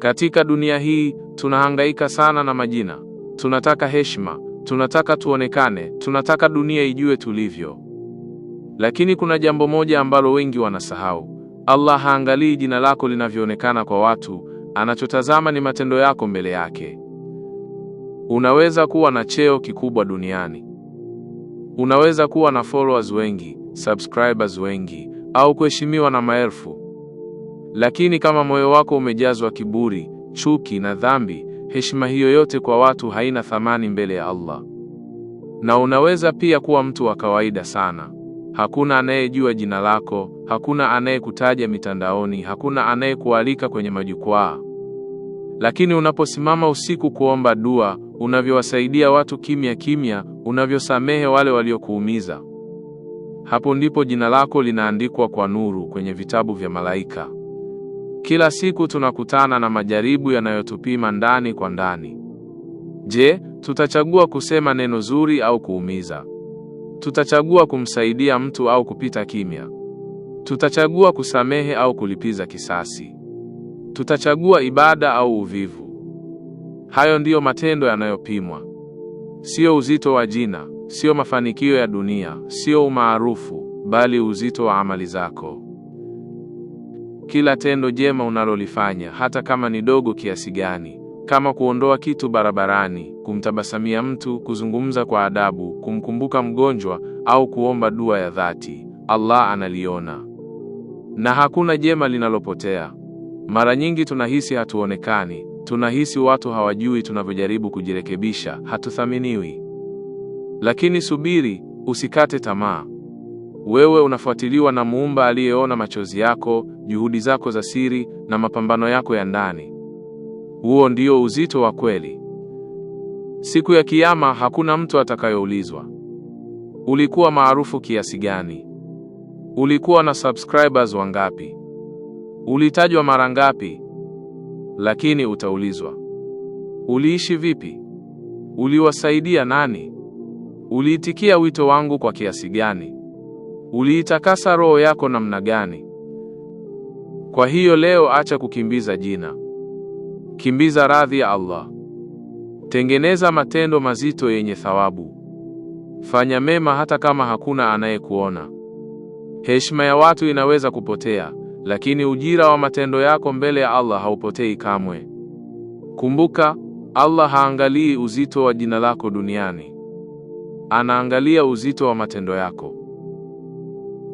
Katika dunia hii tunahangaika sana na majina, tunataka heshima, tunataka tuonekane, tunataka dunia ijue tulivyo. Lakini kuna jambo moja ambalo wengi wanasahau. Allah haangalii jina lako linavyoonekana kwa watu, anachotazama ni matendo yako mbele yake. Unaweza kuwa na cheo kikubwa duniani, unaweza kuwa na followers wengi, subscribers wengi, au kuheshimiwa na maelfu lakini kama moyo wako umejazwa kiburi, chuki na dhambi, heshima hiyo yote kwa watu haina thamani mbele ya Allah. Na unaweza pia kuwa mtu wa kawaida sana. Hakuna anayejua jina lako, hakuna anayekutaja mitandaoni, hakuna anayekualika kwenye majukwaa. Lakini unaposimama usiku kuomba dua, unavyowasaidia watu kimya kimya, unavyosamehe wale waliokuumiza, hapo ndipo jina lako linaandikwa kwa nuru kwenye vitabu vya malaika. Kila siku tunakutana na majaribu yanayotupima ndani kwa ndani. Je, tutachagua kusema neno zuri au kuumiza? Tutachagua kumsaidia mtu au kupita kimya? Tutachagua kusamehe au kulipiza kisasi? Tutachagua ibada au uvivu? Hayo ndiyo matendo yanayopimwa, sio uzito wa jina, sio mafanikio ya dunia, sio umaarufu, bali uzito wa amali zako. Kila tendo jema unalolifanya, hata kama ni dogo kiasi gani, kama kuondoa kitu barabarani, kumtabasamia mtu, kuzungumza kwa adabu, kumkumbuka mgonjwa au kuomba dua ya dhati, Allah analiona na hakuna jema linalopotea. Mara nyingi tunahisi hatuonekani, tunahisi watu hawajui tunavyojaribu kujirekebisha, hatuthaminiwi. Lakini subiri, usikate tamaa. Wewe unafuatiliwa na muumba aliyeona machozi yako, juhudi zako za siri na mapambano yako ya ndani. Huo ndio uzito wa kweli. Siku ya Kiyama hakuna mtu atakayoulizwa ulikuwa maarufu kiasi gani, ulikuwa na subscribers wangapi, ulitajwa mara ngapi, lakini utaulizwa uliishi vipi, uliwasaidia nani, uliitikia wito wangu kwa kiasi gani uliitakasa roho yako namna gani? Kwa hiyo leo acha kukimbiza jina, kimbiza radhi ya Allah. Tengeneza matendo mazito yenye thawabu. Fanya mema hata kama hakuna anayekuona. Heshima ya watu inaweza kupotea, lakini ujira wa matendo yako mbele ya Allah haupotei kamwe. Kumbuka, Allah haangalii uzito wa jina lako duniani, anaangalia uzito wa matendo yako.